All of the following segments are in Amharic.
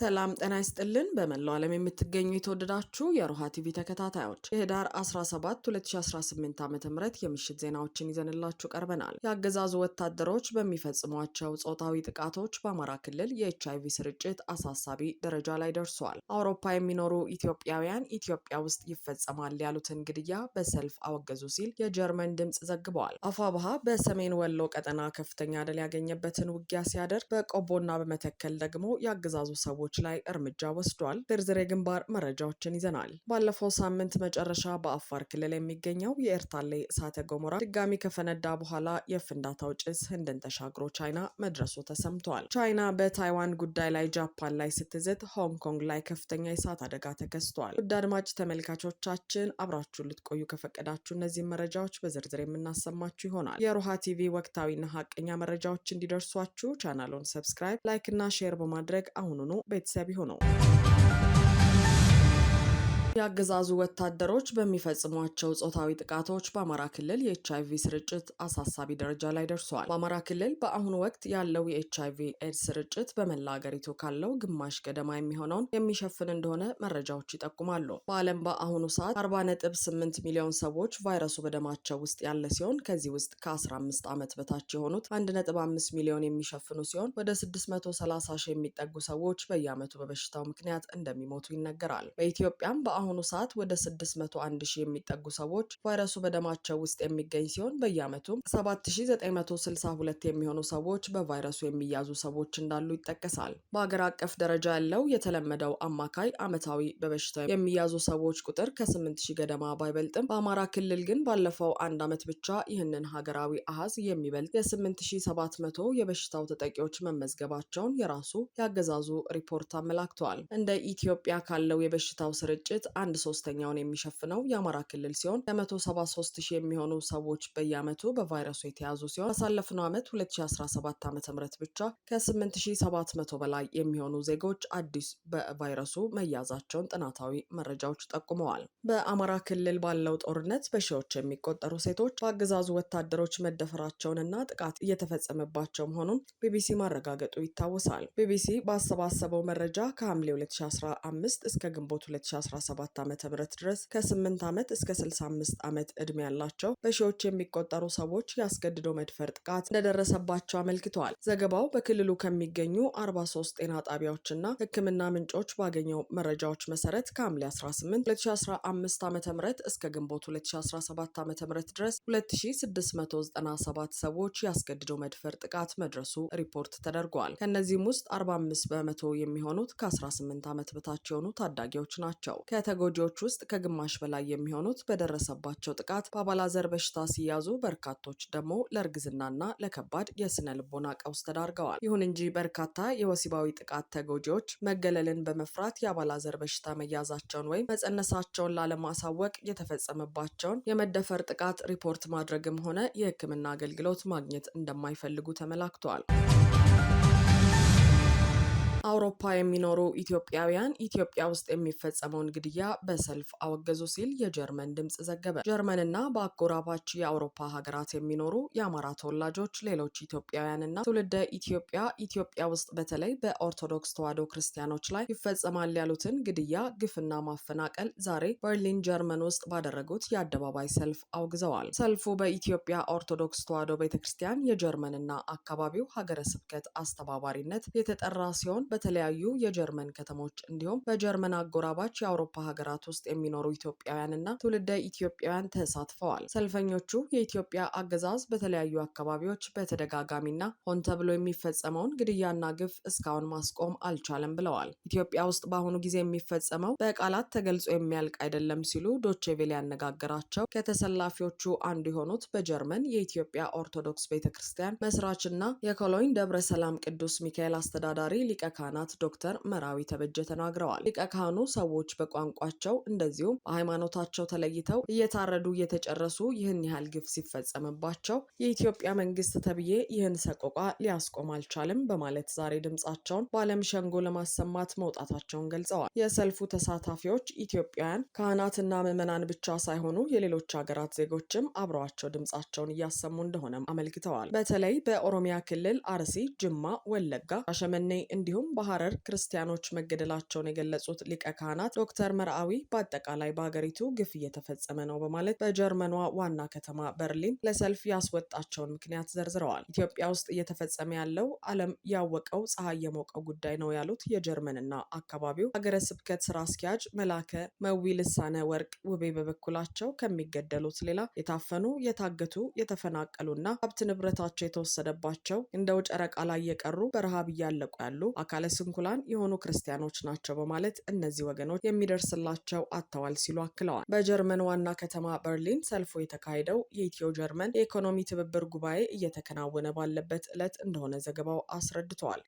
ሰላም ጤና ይስጥልን። በመላው ዓለም የምትገኙ የተወደዳችሁ የሮሃ ቲቪ ተከታታዮች የህዳር 17 2018 ዓ ም የምሽት ዜናዎችን ይዘንላችሁ ቀርበናል። የአገዛዙ ወታደሮች በሚፈጽሟቸው ጾታዊ ጥቃቶች በአማራ ክልል የኤች አይቪ ስርጭት አሳሳቢ ደረጃ ላይ ደርሷል። አውሮፓ የሚኖሩ ኢትዮጵያውያን ኢትዮጵያ ውስጥ ይፈጸማል ያሉትን ግድያ በሰልፍ አወገዙ ሲል የጀርመን ድምፅ ዘግበዋል። አፋብሃ በሰሜን ወሎ ቀጠና ከፍተኛ ድል ያገኘበትን ውጊያ ሲያደርግ፣ በቆቦና በመተከል ደግሞ የአገዛዙ ሰዎች ሰዎች ላይ እርምጃ ወስዷል። ዝርዝር የግንባር መረጃዎችን ይዘናል። ባለፈው ሳምንት መጨረሻ በአፋር ክልል የሚገኘው የኤርታሌ እሳተ ገሞራ ድጋሚ ከፈነዳ በኋላ የፍንዳታው ጭስ ህንድን ተሻግሮ ቻይና መድረሱ ተሰምቷል። ቻይና በታይዋን ጉዳይ ላይ ጃፓን ላይ ስትዝት፣ ሆንግ ኮንግ ላይ ከፍተኛ የእሳት አደጋ ተከስቷል። ውድ አድማጭ ተመልካቾቻችን አብራችሁን ልትቆዩ ከፈቀዳችሁ እነዚህን መረጃዎች በዝርዝር የምናሰማችሁ ይሆናል። የሮሃ ቲቪ ወቅታዊና ሀቀኛ መረጃዎች እንዲደርሷችሁ ቻናሉን ሰብስክራይብ፣ ላይክ እና ሼር በማድረግ አሁኑኑ ቤተሰብ ይሆኑ። የአገዛዙ ወታደሮች በሚፈጽሟቸው ጾታዊ ጥቃቶች በአማራ ክልል የኤች አይቪ ስርጭት አሳሳቢ ደረጃ ላይ ደርሷል። በአማራ ክልል በአሁኑ ወቅት ያለው የኤች አይቪ ኤድስ ስርጭት በመላ አገሪቱ ካለው ግማሽ ገደማ የሚሆነውን የሚሸፍን እንደሆነ መረጃዎች ይጠቁማሉ። በዓለም በአሁኑ ሰዓት 48 ሚሊዮን ሰዎች ቫይረሱ በደማቸው ውስጥ ያለ ሲሆን ከዚህ ውስጥ ከ15 ዓመት በታች የሆኑት 1.5 ሚሊዮን የሚሸፍኑ ሲሆን ወደ 630 ሺህ የሚጠጉ ሰዎች በየዓመቱ በበሽታው ምክንያት እንደሚሞቱ ይነገራል። በኢትዮጵያም በ በአሁኑ ሰዓት ወደ 601 ሺህ የሚጠጉ ሰዎች ቫይረሱ በደማቸው ውስጥ የሚገኝ ሲሆን በየዓመቱም 7962 የሚሆኑ ሰዎች በቫይረሱ የሚያዙ ሰዎች እንዳሉ ይጠቀሳል። በሀገር አቀፍ ደረጃ ያለው የተለመደው አማካይ ዓመታዊ በበሽታ የሚያዙ ሰዎች ቁጥር ከ8 ገደማ ባይበልጥም በአማራ ክልል ግን ባለፈው አንድ ዓመት ብቻ ይህንን ሀገራዊ አሃዝ የሚበልጥ የ8700 የበሽታው ተጠቂዎች መመዝገባቸውን የራሱ ያገዛዙ ሪፖርት አመላክተዋል። እንደ ኢትዮጵያ ካለው የበሽታው ስርጭት አንድ ሶስተኛውን የሚሸፍነው የአማራ ክልል ሲሆን ለ173 ሺህ የሚሆኑ ሰዎች በየአመቱ በቫይረሱ የተያዙ ሲሆን ባሳለፍነው ዓመት 2017 ዓ ም ብቻ ከ8700 በላይ የሚሆኑ ዜጎች አዲስ በቫይረሱ መያዛቸውን ጥናታዊ መረጃዎች ጠቁመዋል። በአማራ ክልል ባለው ጦርነት በሺዎች የሚቆጠሩ ሴቶች በአገዛዙ ወታደሮች መደፈራቸውንና ጥቃት እየተፈጸመባቸው መሆኑን ቢቢሲ ማረጋገጡ ይታወሳል። ቢቢሲ ባሰባሰበው መረጃ ከሐምሌ 2015 እስከ ግንቦት 2017 2017 ዓ ድረስ ከ8 ዓመት እስከ 65 ዓመት ዕድሜ ያላቸው በሺዎች የሚቆጠሩ ሰዎች ያስገድዶ መድፈር ጥቃት እንደደረሰባቸው አመልክተዋል። ዘገባው በክልሉ ከሚገኙ 43 ጤና ጣቢያዎችና ሕክምና ምንጮች ባገኘው መረጃዎች መሰረት ከሐምሌ 18 2015 ዓ ም እስከ ግንቦት 2017 ዓ ም ድረስ 2697 ሰዎች ያስገድዶ መድፈር ጥቃት መድረሱ ሪፖርት ተደርጓል። ከእነዚህም ውስጥ 45 በመቶ የሚሆኑት ከ18 ዓመት በታች የሆኑ ታዳጊዎች ናቸው። ከተጎጂዎች ውስጥ ከግማሽ በላይ የሚሆኑት በደረሰባቸው ጥቃት በአባላዘር በሽታ ሲያዙ በርካቶች ደግሞ ለእርግዝናና ለከባድ የስነ ልቦና ቀውስ ተዳርገዋል። ይሁን እንጂ በርካታ የወሲባዊ ጥቃት ተጎጂዎች መገለልን በመፍራት የአባላዘር በሽታ መያዛቸውን ወይም መጸነሳቸውን ላለማሳወቅ የተፈጸመባቸውን የመደፈር ጥቃት ሪፖርት ማድረግም ሆነ የሕክምና አገልግሎት ማግኘት እንደማይፈልጉ ተመላክቷል። አውሮፓ የሚኖሩ ኢትዮጵያውያን ኢትዮጵያ ውስጥ የሚፈጸመውን ግድያ በሰልፍ አወገዙ ሲል የጀርመን ድምፅ ዘገበ። ጀርመንና በአጎራባች የአውሮፓ ሀገራት የሚኖሩ የአማራ ተወላጆች፣ ሌሎች ኢትዮጵያውያንና ትውልደ ኢትዮጵያ ኢትዮጵያ ውስጥ በተለይ በኦርቶዶክስ ተዋሕዶ ክርስቲያኖች ላይ ይፈጸማል ያሉትን ግድያ፣ ግፍና ማፈናቀል ዛሬ በርሊን ጀርመን ውስጥ ባደረጉት የአደባባይ ሰልፍ አውግዘዋል። ሰልፉ በኢትዮጵያ ኦርቶዶክስ ተዋሕዶ ቤተ ክርስቲያን የጀርመንና አካባቢው ሀገረ ስብከት አስተባባሪነት የተጠራ ሲሆን በተለያዩ የጀርመን ከተሞች እንዲሁም በጀርመን አጎራባች የአውሮፓ ሀገራት ውስጥ የሚኖሩ ኢትዮጵያውያንና ትውልደ ኢትዮጵያውያን ተሳትፈዋል። ሰልፈኞቹ የኢትዮጵያ አገዛዝ በተለያዩ አካባቢዎች በተደጋጋሚና ሆን ተብሎ የሚፈጸመውን ግድያና ግፍ እስካሁን ማስቆም አልቻለም ብለዋል። ኢትዮጵያ ውስጥ በአሁኑ ጊዜ የሚፈጸመው በቃላት ተገልጾ የሚያልቅ አይደለም ሲሉ ዶቼቬል ያነጋገራቸው ከተሰላፊዎቹ አንዱ የሆኑት በጀርመን የኢትዮጵያ ኦርቶዶክስ ቤተ ክርስቲያን መስራችና የኮሎኝ ደብረ ሰላም ቅዱስ ሚካኤል አስተዳዳሪ ሊቀ ካህናት ዶክተር መራዊ ተበጀ ተናግረዋል። ሊቀ ካህኑ ሰዎች በቋንቋቸው እንደዚሁም በሃይማኖታቸው ተለይተው እየታረዱ እየተጨረሱ ይህን ያህል ግፍ ሲፈጸምባቸው የኢትዮጵያ መንግስት ተብዬ ይህን ሰቆቃ ሊያስቆም አልቻልም በማለት ዛሬ ድምጻቸውን በዓለም ሸንጎ ለማሰማት መውጣታቸውን ገልጸዋል። የሰልፉ ተሳታፊዎች ኢትዮጵያውያን ካህናትና ምዕመናን ብቻ ሳይሆኑ የሌሎች ሀገራት ዜጎችም አብረዋቸው ድምጻቸውን እያሰሙ እንደሆነም አመልክተዋል። በተለይ በኦሮሚያ ክልል አርሲ፣ ጅማ፣ ወለጋ፣ ሻሸመኔ እንዲሁም እንዲሁም በሐረር ክርስቲያኖች መገደላቸውን የገለጹት ሊቀ ካህናት ዶክተር መርአዊ በአጠቃላይ በሀገሪቱ ግፍ እየተፈጸመ ነው በማለት በጀርመኗ ዋና ከተማ በርሊን ለሰልፍ ያስወጣቸውን ምክንያት ዘርዝረዋል። ኢትዮጵያ ውስጥ እየተፈጸመ ያለው ዓለም ያወቀው ፀሐይ የሞቀው ጉዳይ ነው ያሉት የጀርመንና አካባቢው ሀገረ ስብከት ስራ አስኪያጅ መላከ መዊ ልሳነ ወርቅ ውቤ በበኩላቸው ከሚገደሉት ሌላ የታፈኑ፣ የታገቱ፣ የተፈናቀሉና ሀብት ንብረታቸው የተወሰደባቸው እንደው ጨረቃ ላይ የቀሩ በረሃብ እያለቁ ያሉ አካል ካለ ስንኩላን የሆኑ ክርስቲያኖች ናቸው በማለት እነዚህ ወገኖች የሚደርስላቸው አጥተዋል ሲሉ አክለዋል። በጀርመን ዋና ከተማ በርሊን ሰልፎ የተካሄደው የኢትዮ ጀርመን የኢኮኖሚ ትብብር ጉባኤ እየተከናወነ ባለበት ዕለት እንደሆነ ዘገባው አስረድተዋል።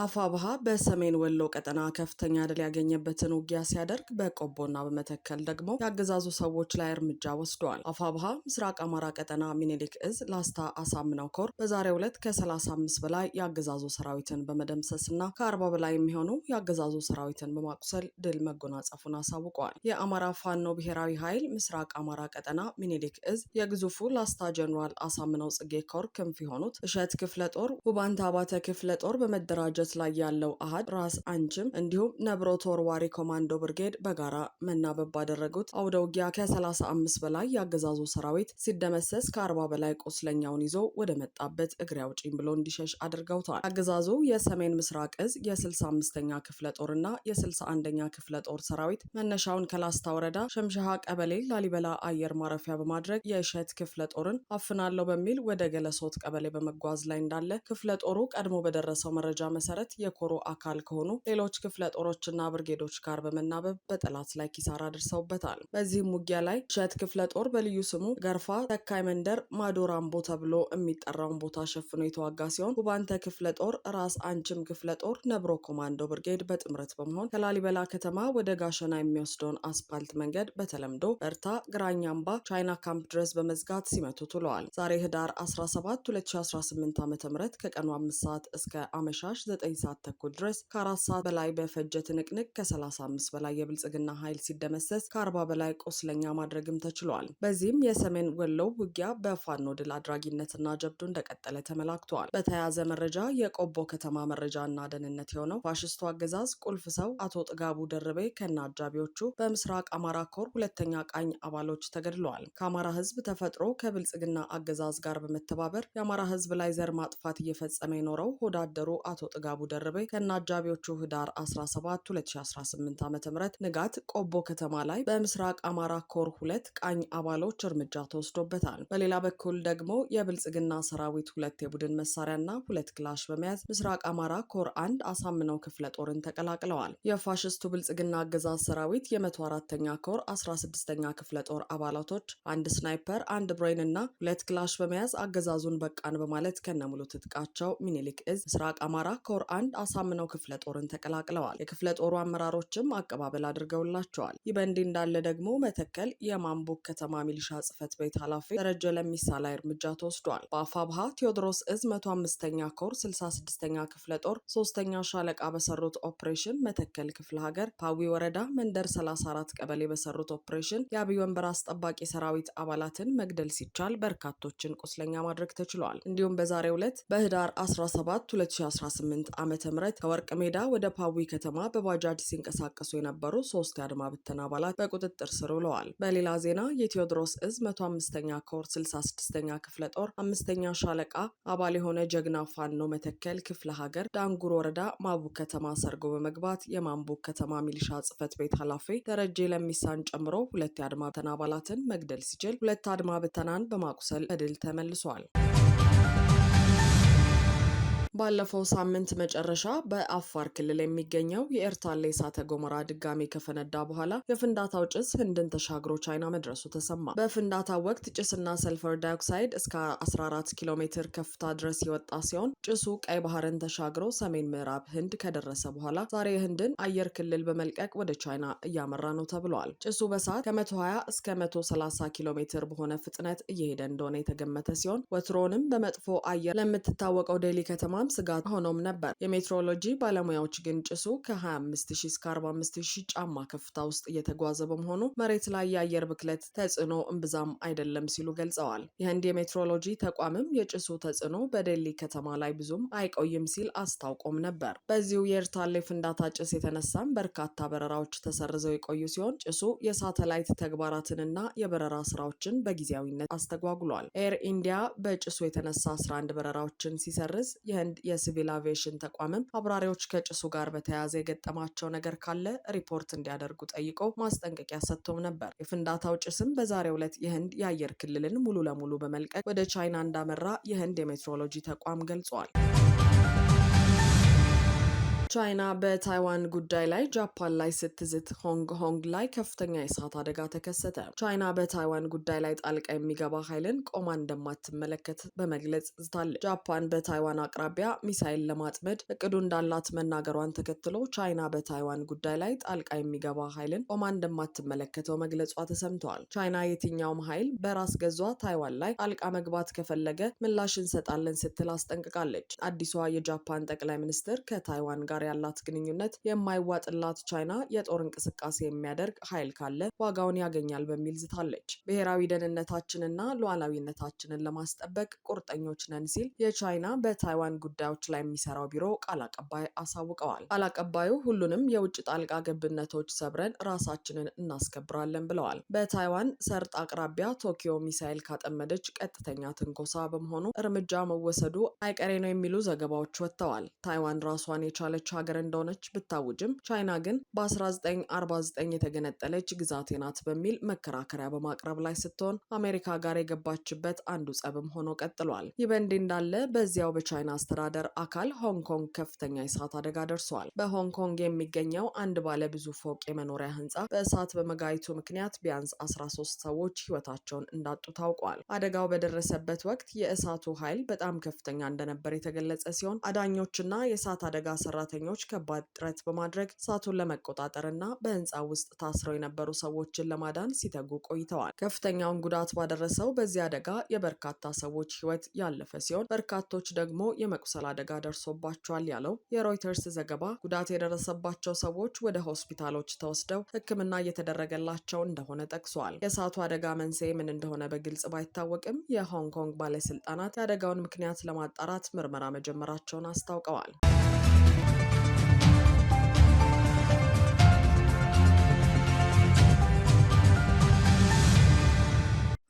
አፋብሃ በሰሜን ወሎ ቀጠና ከፍተኛ ድል ያገኘበትን ውጊያ ሲያደርግ በቆቦና በመተከል ደግሞ የአገዛዙ ሰዎች ላይ እርምጃ ወስደዋል። አፋብሃ ምስራቅ አማራ ቀጠና ሚኒሊክ እዝ ላስታ አሳምነው ኮር በዛሬው ዕለት ከ35 በላይ የአገዛዙ ሰራዊትን በመደምሰስና ከ40 በላይ የሚሆኑ የአገዛዙ ሰራዊትን በማቁሰል ድል መጎናጸፉን አሳውቀዋል። የአማራ ፋኖ ብሔራዊ ኃይል ምስራቅ አማራ ቀጠና ሚኒሊክ እዝ የግዙፉ ላስታ ጀኔራል አሳምነው ጽጌ ኮር ክንፍ የሆኑት እሸት ክፍለ ጦር፣ ውባንታ አባተ ክፍለ ጦር በመደራጀት ሂደት ላይ ያለው አሃድ ራስ አንችም እንዲሁም ነብሮ ተወርዋሪ ኮማንዶ ብርጌድ በጋራ መናበብ ባደረጉት አውደ ውጊያ ከ35 በላይ የአገዛዙ ሰራዊት ሲደመሰስ ከ40 በላይ ቁስለኛውን ይዞ ወደ መጣበት እግሬ አውጪኝ ብሎ እንዲሸሽ አድርገውታል። አገዛዙ የሰሜን ምስራቅ እዝ የ65ኛ ክፍለ እና የ61ኛ ክፍለ ጦር ሰራዊት መነሻውን ከላስታ ወረዳ ሸምሸሃ ቀበሌ ላሊበላ አየር ማረፊያ በማድረግ የእሸት ክፍለ ጦርን አፍናለሁ በሚል ወደ ገለሶት ቀበሌ በመጓዝ ላይ እንዳለ ክፍለ ጦሩ ቀድሞ በደረሰው መረጃ መሰረት መሰረት የኮሮ አካል ከሆኑ ሌሎች ክፍለ ጦሮችና ብርጌዶች ጋር በመናበብ በጠላት ላይ ኪሳራ ደርሰውበታል። በዚህም ውጊያ ላይ ሸት ክፍለ ጦር በልዩ ስሙ ገርፋ ተካይ መንደር ማዶራምቦ ተብሎ የሚጠራውን ቦታ ሸፍኖ የተዋጋ ሲሆን ጉባንተ ክፍለ ጦር፣ ራስ አንችም ክፍለ ጦር፣ ነብሮ ኮማንዶ ብርጌድ በጥምረት በመሆን ከላሊበላ ከተማ ወደ ጋሸና የሚወስደውን አስፓልት መንገድ በተለምዶ በርታ ግራኛምባ ቻይና ካምፕ ድረስ በመዝጋት ሲመቱ ውለዋል። ዛሬ ህዳር 17 2018 ዓ ም ከቀኑ 5 ሰዓት እስከ አመሻሽ ዘጠኝ ሰዓት ተኩል ድረስ ከአራት ሰዓት በላይ በፈጀ ትንቅንቅ ከ35 በላይ የብልጽግና ኃይል ሲደመሰስ ከ40 በላይ ቆስለኛ ማድረግም ተችሏል። በዚህም የሰሜን ወሎው ውጊያ በፋኖ ድል አድራጊነትና ጀብዱ እንደቀጠለ ተመላክቷል። በተያያዘ መረጃ የቆቦ ከተማ መረጃና ደህንነት የሆነው ፋሽስቱ አገዛዝ ቁልፍ ሰው አቶ ጥጋቡ ደርቤ ከነ አጃቢዎቹ በምስራቅ አማራ ኮር ሁለተኛ ቃኝ አባሎች ተገድለዋል። ከአማራ ህዝብ ተፈጥሮ ከብልጽግና አገዛዝ ጋር በመተባበር የአማራ ህዝብ ላይ ዘር ማጥፋት እየፈጸመ የኖረው ሆዳደሩ አቶ ጥጋ ጋቡ ደርቤ ከነ አጃቢዎቹ ህዳር 17 2018 ዓ ም ንጋት ቆቦ ከተማ ላይ በምስራቅ አማራ ኮር ሁለት ቃኝ አባሎች እርምጃ ተወስዶበታል። በሌላ በኩል ደግሞ የብልጽግና ሰራዊት ሁለት የቡድን መሳሪያና ሁለት ክላሽ በመያዝ ምስራቅ አማራ ኮር አንድ አሳምነው ክፍለ ጦርን ተቀላቅለዋል። የፋሽስቱ ብልጽግና አገዛዝ ሰራዊት የመቶ አራተኛ ኮር 16ኛ ክፍለ ጦር አባላቶች አንድ ስናይፐር፣ አንድ ብሬን እና ሁለት ክላሽ በመያዝ አገዛዙን በቃን በማለት ከነሙሉ ትጥቃቸው ሚኒሊክ እዝ ምስራቅ አማራ ኮር ጦር አንድ አሳምነው ክፍለ ጦርን ተቀላቅለዋል። የክፍለ ጦሩ አመራሮችም አቀባበል አድርገውላቸዋል። ይህ በእንዲህ እንዳለ ደግሞ መተከል የማንቡክ ከተማ ሚሊሻ ጽህፈት ቤት ኃላፊ ደረጀ ለሚሳ ላይ እርምጃ ተወስዷል። በአፋብሃ ቴዎድሮስ እዝ መቶ አምስተኛ ኮር ስልሳ ስድስተኛ ክፍለ ጦር ሶስተኛ ሻለቃ በሰሩት ኦፕሬሽን መተከል ክፍለ ሀገር ፓዊ ወረዳ መንደር 34 ቀበሌ በሰሩት ኦፕሬሽን የአብይ ወንበር አስጠባቂ ሰራዊት አባላትን መግደል ሲቻል በርካቶችን ቁስለኛ ማድረግ ተችሏል። እንዲሁም በዛሬው ዕለት በህዳር 17 2018 በ ዓ ም ከወርቅ ሜዳ ወደ ፓዊ ከተማ በባጃጅ ሲንቀሳቀሱ የነበሩ ሶስት የአድማ ብተና አባላት በቁጥጥር ስር ውለዋል። በሌላ ዜና የቴዎድሮስ እዝ 105ኛ ኮር 66ኛ ክፍለ ጦር አምስተኛ ሻለቃ አባል የሆነ ጀግና ፋኖ መተከል ክፍለ ሀገር ዳንጉር ወረዳ ማቡክ ከተማ ሰርጎ በመግባት የማንቡክ ከተማ ሚሊሻ ጽህፈት ቤት ኃላፊ ደረጀ ለሚሳን ጨምሮ ሁለት የአድማ ብተና አባላትን መግደል ሲችል ሁለት አድማ ብተናን በማቁሰል እድል ተመልሷል። ባለፈው ሳምንት መጨረሻ በአፋር ክልል የሚገኘው የኤርታሌ እሳተ ገሞራ ድጋሜ ከፈነዳ በኋላ የፍንዳታው ጭስ ህንድን ተሻግሮ ቻይና መድረሱ ተሰማ። በፍንዳታው ወቅት ጭስና ሰልፈር ዳይኦክሳይድ እስከ 14 ኪሎ ሜትር ከፍታ ድረስ የወጣ ሲሆን ጭሱ ቀይ ባህርን ተሻግሮ ሰሜን ምዕራብ ህንድ ከደረሰ በኋላ ዛሬ ህንድን አየር ክልል በመልቀቅ ወደ ቻይና እያመራ ነው ተብሏል። ጭሱ በሰዓት ከ120 እስከ 130 ኪሎ ሜትር በሆነ ፍጥነት እየሄደ እንደሆነ የተገመተ ሲሆን ወትሮንም በመጥፎ አየር ለምትታወቀው ዴሊ ከተማም በጣም ስጋት ሆኖም ነበር። የሜትሮሎጂ ባለሙያዎች ግን ጭሱ ከ25000 እስከ 45000 ጫማ ከፍታ ውስጥ እየተጓዘ በመሆኑ መሬት ላይ የአየር ብክለት ተጽዕኖ እምብዛም አይደለም ሲሉ ገልጸዋል። የህንድ የሜትሮሎጂ ተቋምም የጭሱ ተጽዕኖ በዴሊ ከተማ ላይ ብዙም አይቆይም ሲል አስታውቆም ነበር። በዚሁ የኤርታሌ ፍንዳታ ጭስ የተነሳም በርካታ በረራዎች ተሰርዘው የቆዩ ሲሆን ጭሱ የሳተላይት ተግባራትንና የበረራ ስራዎችን በጊዜያዊነት አስተጓጉሏል። ኤር ኢንዲያ በጭሱ የተነሳ 11 በረራዎችን ሲሰርዝ ይህን አንድ የሲቪል አቪዬሽን ተቋምም አብራሪዎች ከጭሱ ጋር በተያያዘ የገጠማቸው ነገር ካለ ሪፖርት እንዲያደርጉ ጠይቆ ማስጠንቀቂያ ሰጥቶም ነበር። የፍንዳታው ጭስም በዛሬው ዕለት የህንድ የአየር ክልልን ሙሉ ለሙሉ በመልቀቅ ወደ ቻይና እንዳመራ የህንድ የሜትሮሎጂ ተቋም ገልጿል። ቻይና በታይዋን ጉዳይ ላይ ጃፓን ላይ ስትዝት ሆንግ ሆንግ ላይ ከፍተኛ የእሳት አደጋ ተከሰተ። ቻይና በታይዋን ጉዳይ ላይ ጣልቃ የሚገባ ኃይልን ቆማ እንደማትመለከት በመግለጽ ዝታለች። ጃፓን በታይዋን አቅራቢያ ሚሳይል ለማጥመድ እቅዱ እንዳላት መናገሯን ተከትሎ ቻይና በታይዋን ጉዳይ ላይ ጣልቃ የሚገባ ኃይልን ቆማ እንደማትመለከተው መግለጿ ተሰምተዋል። ቻይና የትኛውም ኃይል በራስ ገዟ ታይዋን ላይ ጣልቃ መግባት ከፈለገ ምላሽ እንሰጣለን ስትል አስጠንቅቃለች። አዲሷ የጃፓን ጠቅላይ ሚኒስትር ከታይዋን ጋር ጋር ያላት ግንኙነት የማይዋጥላት ቻይና የጦር እንቅስቃሴ የሚያደርግ ኃይል ካለ ዋጋውን ያገኛል በሚል ዝታለች። ብሔራዊ ደህንነታችንና ሉዓላዊነታችንን ለማስጠበቅ ቁርጠኞች ነን ሲል የቻይና በታይዋን ጉዳዮች ላይ የሚሰራው ቢሮ ቃል አቀባይ አሳውቀዋል። ቃል አቀባዩ ሁሉንም የውጭ ጣልቃ ገብነቶች ሰብረን ራሳችንን እናስከብራለን ብለዋል። በታይዋን ሰርጥ አቅራቢያ ቶኪዮ ሚሳይል ካጠመደች ቀጥተኛ ትንኮሳ በመሆኑ እርምጃ መወሰዱ አይቀሬ ነው የሚሉ ዘገባዎች ወጥተዋል። ታይዋን ራሷን የቻለች የሆነች ሀገር እንደሆነች ብታውጅም ቻይና ግን በ1949 የተገነጠለች ግዛቴ ናት በሚል መከራከሪያ በማቅረብ ላይ ስትሆን አሜሪካ ጋር የገባችበት አንዱ ጸብም ሆኖ ቀጥሏል። ይህ በእንዲህ እንዳለ በዚያው በቻይና አስተዳደር አካል ሆንግ ኮንግ ከፍተኛ የእሳት አደጋ ደርሷል። በሆንግ ኮንግ የሚገኘው አንድ ባለ ብዙ ፎቅ የመኖሪያ ህንፃ በእሳት በመጋየቱ ምክንያት ቢያንስ 13 ሰዎች ህይወታቸውን እንዳጡ ታውቋል። አደጋው በደረሰበት ወቅት የእሳቱ ኃይል በጣም ከፍተኛ እንደነበር የተገለጸ ሲሆን አዳኞችና የእሳት አደጋ ሰራተኞች ሰራተኞች ከባድ ጥረት በማድረግ እሳቱን ለመቆጣጠር እና በህንፃ ውስጥ ታስረው የነበሩ ሰዎችን ለማዳን ሲተጉ ቆይተዋል። ከፍተኛውን ጉዳት ባደረሰው በዚህ አደጋ የበርካታ ሰዎች ህይወት ያለፈ ሲሆን በርካቶች ደግሞ የመቁሰል አደጋ ደርሶባቸዋል ያለው የሮይተርስ ዘገባ ጉዳት የደረሰባቸው ሰዎች ወደ ሆስፒታሎች ተወስደው ሕክምና እየተደረገላቸው እንደሆነ ጠቅሷል። የእሳቱ አደጋ መንስኤ ምን እንደሆነ በግልጽ ባይታወቅም የሆንግ ኮንግ ባለስልጣናት የአደጋውን ምክንያት ለማጣራት ምርመራ መጀመራቸውን አስታውቀዋል።